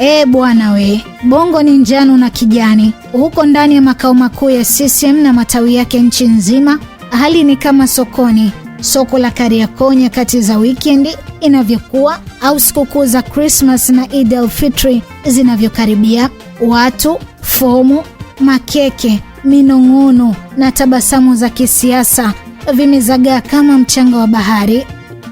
E bwana we, bongo ni njano na kijani. Huko ndani ya makao makuu ya CCM na matawi yake nchi nzima, hali ni kama sokoni, soko la Kariakoo nyakati za wikendi inavyokuwa au sikukuu za Krismas na Eid el Fitri zinavyokaribia. Watu, fomu, makeke, minong'ono na tabasamu za kisiasa vimezagaa kama mchanga wa bahari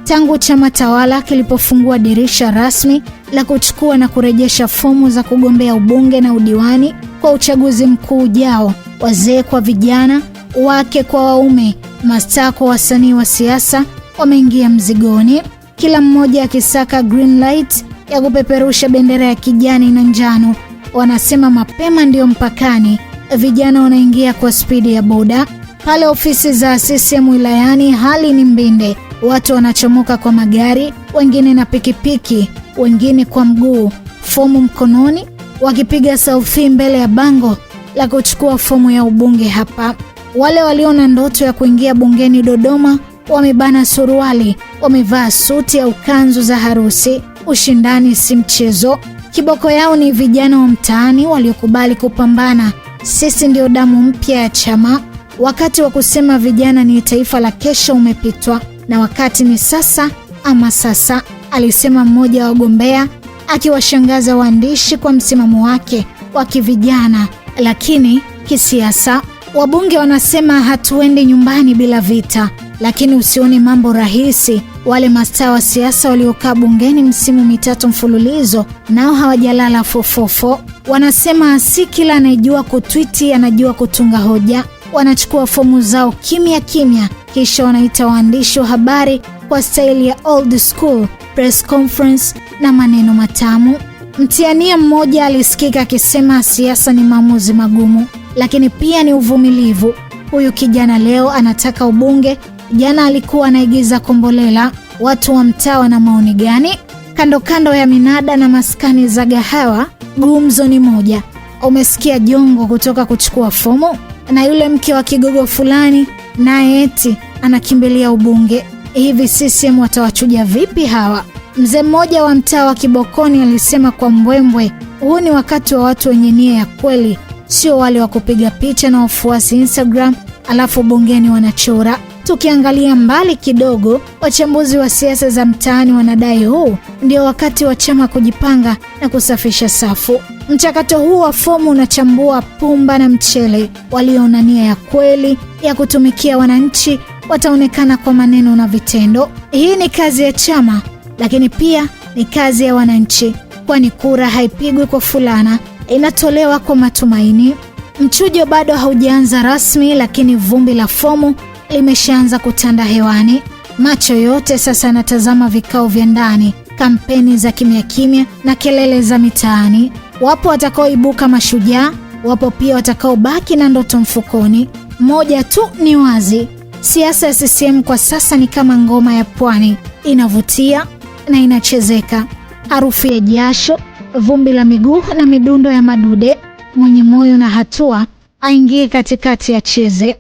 tangu chama tawala kilipofungua dirisha rasmi la kuchukua na kurejesha fomu za kugombea ubunge na udiwani kwa uchaguzi mkuu ujao, wazee kwa vijana, wake kwa waume, mastaa kwa wasanii wa siasa wameingia mzigoni, kila mmoja akisaka green light ya kupeperusha bendera ya kijani na njano. Wanasema mapema ndiyo mpakani. Vijana wanaingia kwa spidi ya boda pale ofisi za CCM wilayani hali ni mbinde, watu wanachomoka kwa magari, wengine na pikipiki, wengine kwa mguu, fomu mkononi, wakipiga selfie mbele ya bango la kuchukua fomu ya ubunge hapa. Wale walio na ndoto ya kuingia bungeni Dodoma wamebana suruali, wamevaa suti au kanzu za harusi. Ushindani si mchezo. Kiboko yao ni vijana wa mtaani waliokubali kupambana. Sisi ndio damu mpya ya chama. Wakati wa kusema vijana ni taifa la kesho umepitwa na wakati ni sasa ama sasa, alisema mmoja wa wagombea akiwashangaza waandishi kwa msimamo wake wa kivijana lakini kisiasa. Wabunge wanasema hatuendi nyumbani bila vita, lakini usioni mambo rahisi. Wale mastaa wa siasa waliokaa bungeni msimu mitatu mfululizo nao hawajalala fofofo. Wanasema si kila anayejua kutwiti anajua kutunga hoja wanachukua fomu zao kimya kimya, kisha wanaita waandishi wa habari kwa staili ya old school press conference na maneno matamu. Mtiania mmoja alisikika akisema siasa ni maamuzi magumu, lakini pia ni uvumilivu. Huyu kijana leo anataka ubunge, jana alikuwa anaigiza kombolela. Watu wa mtaa wana maoni gani? Kando kando ya minada na maskani za gahawa, gumzo ni moja. Umesikia Jongo kutoka kuchukua fomu? na yule mke wa kigogo fulani naye eti anakimbilia ubunge. Hivi CCM watawachuja vipi hawa? Mzee mmoja wa mtaa wa Kibokoni alisema kwa mbwembwe, huu ni wakati wa watu wenye nia ya kweli, sio wale wa kupiga picha na wafuasi Instagram alafu bungeni wanachora. Tukiangalia mbali kidogo, wachambuzi wa siasa za mtaani wanadai huu ndio wakati wa chama kujipanga na kusafisha safu. Mchakato huu wa fomu unachambua pumba na mchele. Walio na nia ya kweli ya kutumikia wananchi wataonekana kwa maneno na vitendo. Hii ni kazi ya chama, lakini pia ni kazi ya wananchi, kwani kura haipigwi kwa fulana, inatolewa kwa matumaini. Mchujo bado haujaanza rasmi, lakini vumbi la fomu limeshaanza kutanda hewani. Macho yote sasa yanatazama vikao vya ndani, kampeni za kimya kimya na kelele za mitaani. Wapo watakaoibuka mashujaa, wapo pia watakaobaki na ndoto mfukoni. Moja tu ni wazi, siasa ya CCM kwa sasa ni kama ngoma ya pwani, inavutia na inachezeka. Harufu ya jasho, vumbi la miguu na midundo ya madude. Mwenye moyo na hatua aingie katikati ya cheze.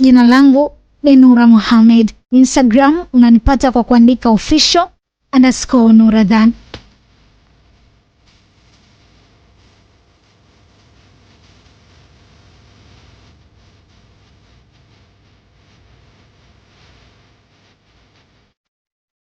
Jina langu ni Nura Mohamed. Instagram unanipata kwa kuandika official underscore Nuradhan.